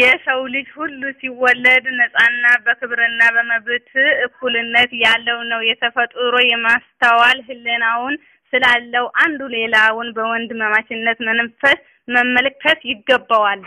የሰው ልጅ ሁሉ ሲወለድ ነጻና በክብርና በመብት እኩልነት ያለው ነው። የተፈጥሮ የማስተዋል ህልናውን ስላለው አንዱ ሌላውን በወንድማማችነት መንፈስ መመልከት ይገባዋል።